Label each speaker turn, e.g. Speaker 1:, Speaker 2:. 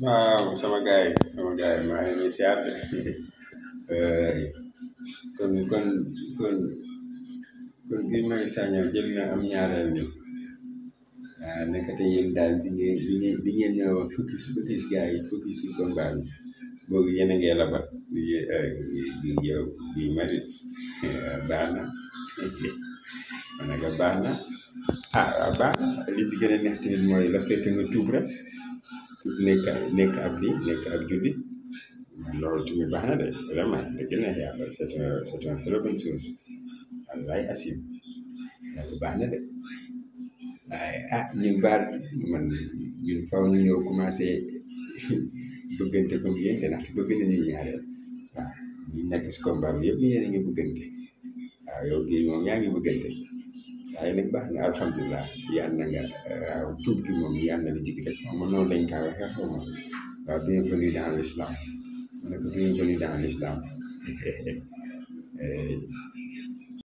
Speaker 1: waaw sama gaay sama gaay maa ngi leen di siyaar kon kon kon Guy Marius Sagna jël na am ñaareel ni waaw nekkate yéen daal di ngeen di ngeen di ngeen ñëw focus focus gars yi focus ci combat bi boobu yéen a ngee Guy Marius baax na ma ne a baax na ah waaw baax na li a mooy la fekk nga tuub rek nekk nekk ab lii nekk ab jullit loolu tamit baax na de vraiment dëgg na yàlla c' est un c' est un très baax na de waaye ah ñun baal man ñun faw ñu ñëw commencé bëggante comme yéen te ndax bëgg nañu ñaareel waaw ñu nekk si combat bi yëpp yéen a waaw yow gii moom yaa ngi waaye nag baax na alhamdulilah yàlla na nga waaw gi moom yàlla na la jig rek moom noonu lañ kaa waxee xaw ma waaw bienvenue dans l'islam ma ne ko bienvenue dans l'islam